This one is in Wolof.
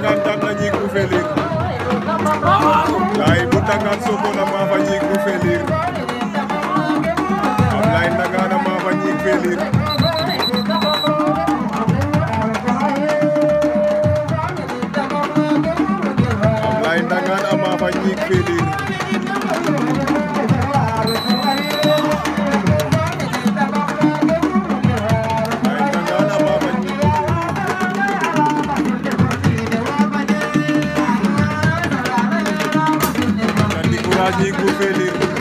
Ndangan tan na ñiig u felir Laye bu Ndangan Sokone a maafa ñiig u felir Ablaye Ndangan a maafa Sadji Goupé